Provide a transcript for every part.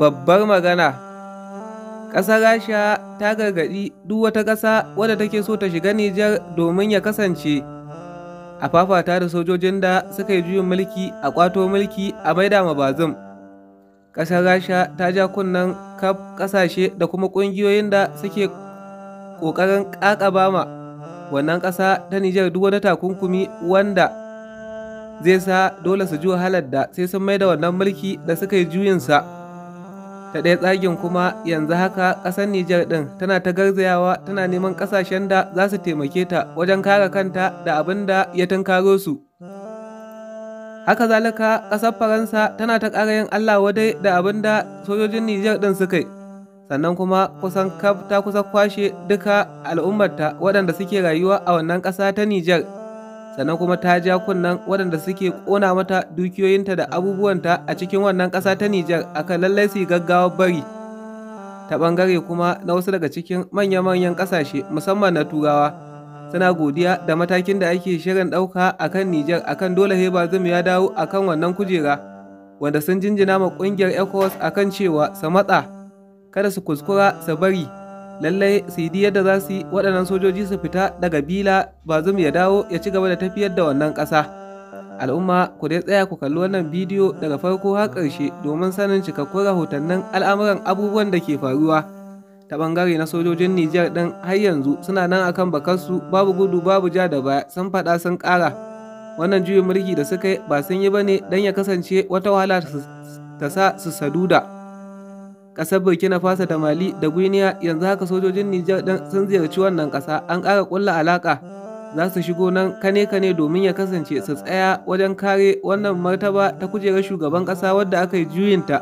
Babbar magana Ƙasar Rasha ta gargaɗi duk wata ƙasa wadda take so ta shiga Nijar domin ya kasance a fafata da sojojin da suka yi juyin mulki a ƙwato mulki a maida ma bazum. Ƙasar Rasha ta ja kunnen kaf ƙasashe da kuma ƙungiyoyin da suke ƙoƙarin ƙaƙabama. ma wannan ƙasa ta Nijar duk wani takunkumi wanda zai sa dole su ji wahalar da sai sun maida wannan mulki da suka yi juyinsa. ta ɗaya tsagen kuma yanzu haka ƙasar Nijar ɗin tana ta garzayawa tana neman ƙasashen da za su taimake ta wajen kare kanta da abin da ya tunkaro su. Haka zalika ƙasar Faransa tana ta ƙara yin Allah wadai da abin da sojojin Nijar ɗin suka yi. Sannan kuma kusan kaf ta kusa kwashe duka al'ummarta waɗanda suke rayuwa a wannan ƙasa ta Nijar. sannan kuma ta ja kunnan waɗanda suke ƙona mata dukiyoyinta da abubuwanta a cikin wannan ƙasa ta Nijar a kan lallai su gaggawa bari. Ta ɓangare kuma na wasu daga cikin manya-manyan ƙasashe musamman na Turawa suna godiya da matakin da ake shirin ɗauka a kan Nijar a kan dole Heba Zum ya dawo a kan wannan kujera wanda sun jinjina ma ƙungiyar ECOWAS kan cewa su matsa kada su kuskura su bari lallai su yi yadda za su yi waɗannan sojoji su fita daga bila ba zum ya dawo ya ci gaba da tafiyar da wannan ƙasa al'umma ku dai tsaya ku kalli wannan bidiyo daga farko har ƙarshe domin sanin cikakkun rahotannin al'amuran abubuwan da ke faruwa ta ɓangare na sojojin Nijar ɗin har yanzu suna nan akan bakarsu babu gudu babu ja da baya sun faɗa sun ƙara wannan juyin mulki da suka yi ba sun yi ba ne don ya kasance wata wahala ta sa su saduda Ƙasar Burkina Faso da Mali da Guinea yanzu haka sojojin Nijar sun ziyarci wannan ƙasa an ƙara ƙulla alaƙa za su shigo nan kane-kane domin ya kasance su tsaya wajen kare wannan martaba ta kujerar shugaban ƙasa wadda aka yi juyinta.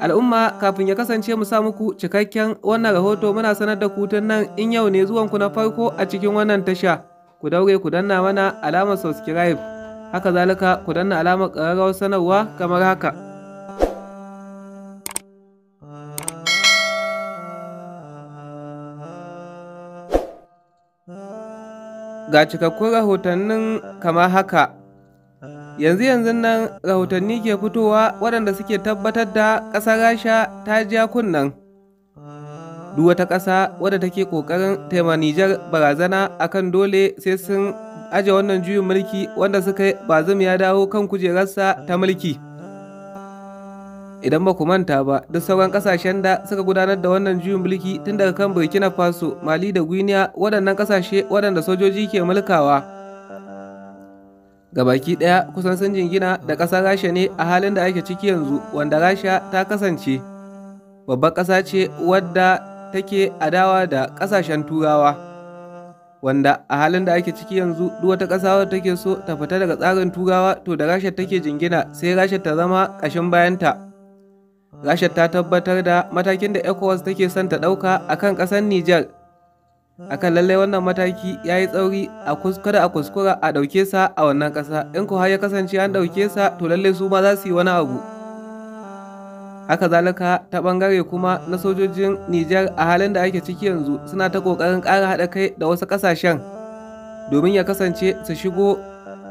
Al'umma kafin ya kasance mu sa muku cikakken wannan rahoto muna sanar da tun nan in yau ne zuwanku na farko a cikin wannan tasha ku daure ku danna mana alamar subscribe haka zalika ku danna alamar ƙararrawar sanarwa kamar haka. ga cikakkun rahotannin kama haka yanzu yanzu nan rahotanni ke fitowa waɗanda suke tabbatar da ƙasar rasha ta ja kunnan. duk wata ƙasa wadda take ƙoƙarin taima nijar barazana akan dole sai sun aje wannan juyin mulki wanda suka yi bazum ya dawo kan kujerarsa ta mulki idan ba ku manta ba duk sauran kasashen da suka gudanar da wannan juyin mulki tun daga kan burkina faso mali da guinea waɗannan kasashe waɗanda sojoji ke mulkawa gabaki ɗaya kusan sun jingina da ƙasar rasha ne a halin da ake ciki yanzu wanda rasha ta kasance babbar ƙasa ce wadda take adawa da ƙasashen turawa wanda a halin da ake ciki yanzu duk wata ƙasa wadda take so ta fita daga tsarin turawa to da rasha take jingina sai rasha ta zama ƙashin bayanta. rasha ta tabbatar da matakin da ECOWAS take son ta ɗauka a kan ƙasar Nijar. A lallai wannan mataki ya yi tsauri a kada a kuskura a ɗauke sa a wannan ƙasa, in ko har ya kasance an ɗauke sa to lallai su ma za su yi wani abu. Haka zalika ta bangare kuma na sojojin Nijar a halin da ake ciki yanzu suna ta ƙoƙarin ƙara haɗa kai da wasu ƙasashen domin ya kasance su shigo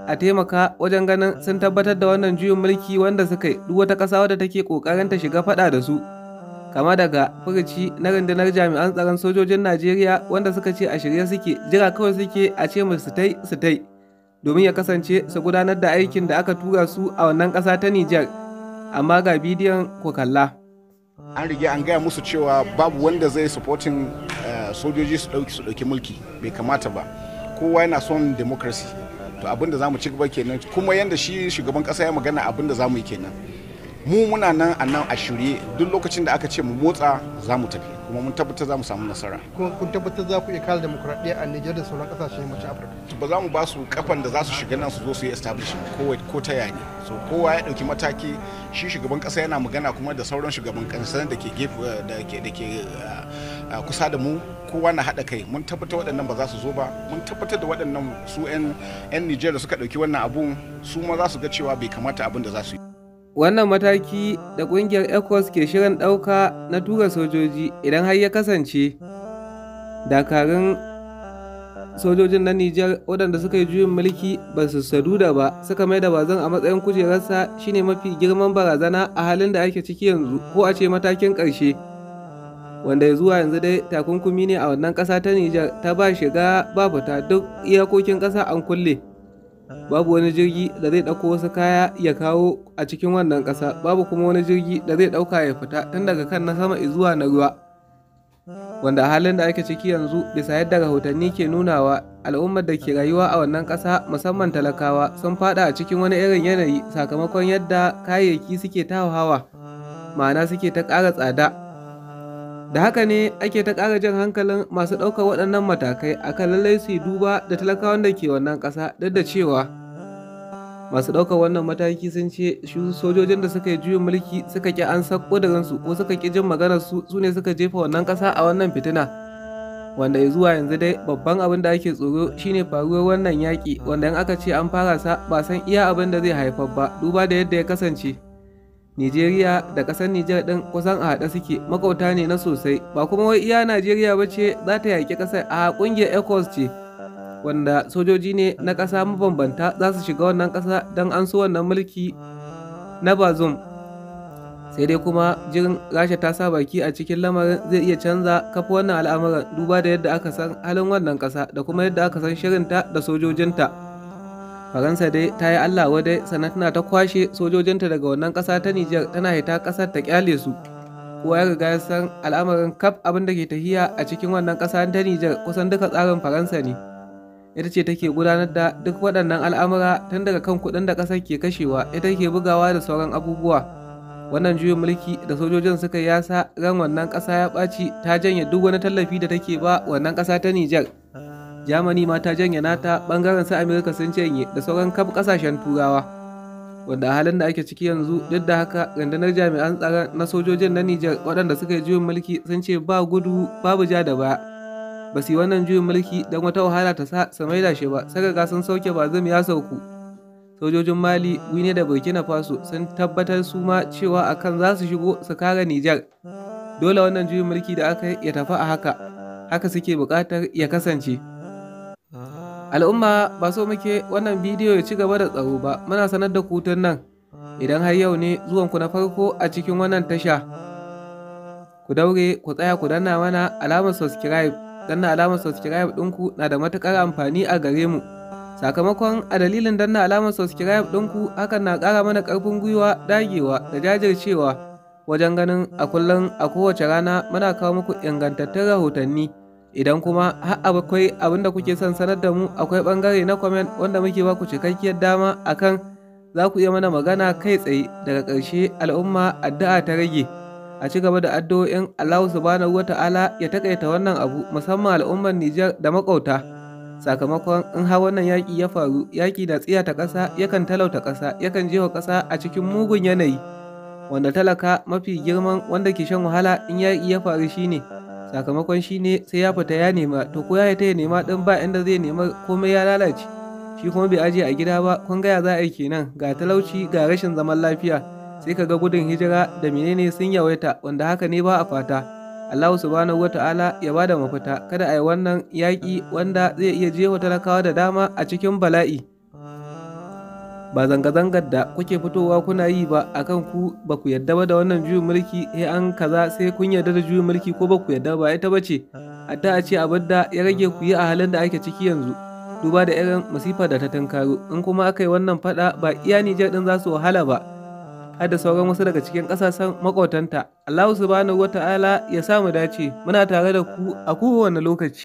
a taimaka wajen ganin sun tabbatar da wannan juyin mulki wanda suka yi duk wata ƙasa wadda take kokarin ta shiga faɗa da su kama daga furuci na rundunar jami'an tsaron sojojin najeriya wanda suka ce a shirye suke jira kawai suke a ce musu tai su tai domin ya kasance su gudanar da aikin da aka tura su a wannan ƙasa ta nijar amma ga bidiyon ku kalla an rige an gaya musu cewa babu wanda zai supporting eh, sojoji su ɗauki su ɗauki mulki bai kamata ba kowa yana son democracy to abin da zamu ci gaba kenan kuma yanda shi shugaban kasa ya magana abin da zamu yi kenan mu muna nan a nan a shirye duk lokacin da aka ce mu motsa za mu tafi kuma mun tabbatar za mu samu nasara kuma kun tabbatar za ku iya kare demokuraɗiyya a Nijar da sauran mu ci Afirka ba za mu ba su kafan da za su shiga nan su zo su yi establishment ko ko ta yaya so kowa ya ɗauki mataki shi shugaban kasa yana magana kuma da sauran shugaban kasa da ke da ke da eh, ke kusa da mu kowa na haɗa kai mun tabbatar waɗannan ba za su zo ba mun tabbatar da waɗannan su 'yan nijar da suka ɗauki wannan abun su ma za su ga cewa bai kamata abin da za su yi wannan mataki da ƙungiyar ecos ke shirin ɗauka na tura sojoji idan har ya kasance dakarun sojojin na nijar waɗanda suka yi juyin mulki ba su saduda ba suka mai da bazan a matsayin kujerarsa shine mafi girman barazana a halin da ake ciki yanzu ko a ce matakin ƙarshe wanda zuwa yanzu dai takunkumi ne a wannan ƙasa ta Nijar ta ba shiga ba fita duk iyakokin ƙasa an kulle babu wani jirgi da zai ɗauko wasu kaya ya kawo a cikin wannan ƙasa babu kuma wani jirgi da zai ɗauka ya fita tun daga kan na sama zuwa na ruwa wanda halin da ake ciki yanzu bisa yadda rahotanni ke nunawa al'ummar da ke rayuwa a wannan ƙasa musamman talakawa sun fada a cikin wani irin yanayi sakamakon yadda kayayyaki suke ta hawa ma'ana suke ta ƙara tsada da haka ne ake ta ƙara jan hankalin masu ɗaukar waɗannan matakai a kan lallai su duba da talakawan da ke wannan ƙasa duk da cewa masu ɗaukar wannan mataki sun ce shi sojojin da suka yi juyin mulki suka ƙi an san ƙudurinsu ko suka ƙi jin maganar su su ne suka jefa wannan ƙasa a wannan fitina wanda ya zuwa yanzu dai babban abin da ake tsoro shine faruwar wannan yaƙi wanda in aka ce an fara sa ba san iya abin da zai haifar ba duba da yadda ya kasance Nijeriya da ƙasar Nijar ɗin kusan a haɗe suke makauta ne na sosai ba kuma wai iya Najeriya ba ce za ta yaƙi ƙasar a ƙungiyar ECOWAS ce wanda sojoji ne na ƙasa mabambanta za su shiga wannan ƙasa don an so wannan mulki na bazum sai dai kuma jirin rasha ta sa baki a cikin lamarin zai iya canza kafa wannan al'amuran duba da yadda aka san halin wannan ƙasa da kuma yadda aka san shirinta da sojojinta. faransa dai ta yi allah wadai sannan tana ta kwashe sojojinta daga wannan ƙasa ta nijar tana haita ƙasar ta kyale su kowa ya riga ya san al'amarin kaf abin da ke tahiya a cikin wannan ƙasa ta nijar kusan duka tsarin faransa ne ita ce take gudanar da duk waɗannan al'amura tun daga kan kuɗin da ƙasar ke kashewa ita ke bugawa da sauran abubuwa wannan juyin mulki da sojojin suka yasa ran wannan ƙasa ya ɓaci ta janye duk wani tallafi da take ba wannan ƙasa ta nijar Germany ma ta janye nata bangaren sa Amerika sun janye da sauran kaf kasashen Turawa. Wanda a halin da ake ciki yanzu duk da haka rundunar jami'an tsaron na sojojin na niger waɗanda suka yi juyin mulki sun ce ba gudu babu ja da ba. Ba su yi wannan juyin mulki don wata wahala ta sa su maida shi ba, sai sun sauke ba bazum ya sauku. Sojojin Mali, Wine da Burkina Faso sun tabbatar su ma cewa akan za su shigo su kare niger Dole wannan juyin mulki da aka yi ya tafi a haka, haka suke buƙatar ya kasance. Al'umma ba so muke wannan bidiyo ya ci gaba da tsaro ba muna sanar da kutun nan idan har yau ne zuwanku na farko a cikin wannan tasha. Ku daure ku tsaya ku danna mana alamar subscribe danna alamar subscribe ɗinku na da matuƙar amfani a gare mu. Sakamakon a dalilin danna alamar subscribe ɗinku hakan na ƙara mana ƙarfin gwiwa dagewa da jajircewa wajen ganin a kullum a kowace rana muna kawo muku ingantattun rahotanni. idan kuma har akwai abin da kuke son sanar da mu akwai bangare na comment wanda muke ba ku cikakkiyar dama akan za ku iya mana magana kai tsaye daga ƙarshe al'umma addu'a ta rage a ci gaba da addu'o'in Allah subhanahu wata'ala ya takaita wannan abu musamman al'ummar Nijar da makauta sakamakon in har wannan yaƙi ya faru yaƙi da tsiya ta ƙasa yakan talauta ƙasa yakan jewa ƙasa a cikin mugun yanayi wanda talaka mafi girman wanda ke shan wahala in yaki ya faru shine sakamakon shi ne sai ya fita ya nema to ko ya ta ya nema dan ba inda zai nema komai ya lalace shi kuma bai aje a gida ba kun gaya za a yi kenan ga talauci ga rashin zaman lafiya sai ka ga gudun hijira da menene sun yawaita wanda haka ne ba a fata Allah subhanahu wa ta'ala ya ba da mafita kada a yi wannan yaki wanda zai iya jefa talakawa da dama a cikin bala'i. ba zanga-zangar da kuke fitowa kuna yi ba akan ku ba ku yarda ba da wannan juyin mulki sai eh, an kaza sai kun yarda da juyin mulki ko ba ku yarda ba ita bace ce, a ce abin da ya rage ku yi a halin da ake ciki yanzu duba da irin masifa da ta tunkaro in kuma aka yi wannan fada ba iya Nijar din za su wahala ba har da sauran wasu daga cikin kasashen makotanta Allah subhanahu wata'ala ya sa mu dace muna tare da ku a kowane lokaci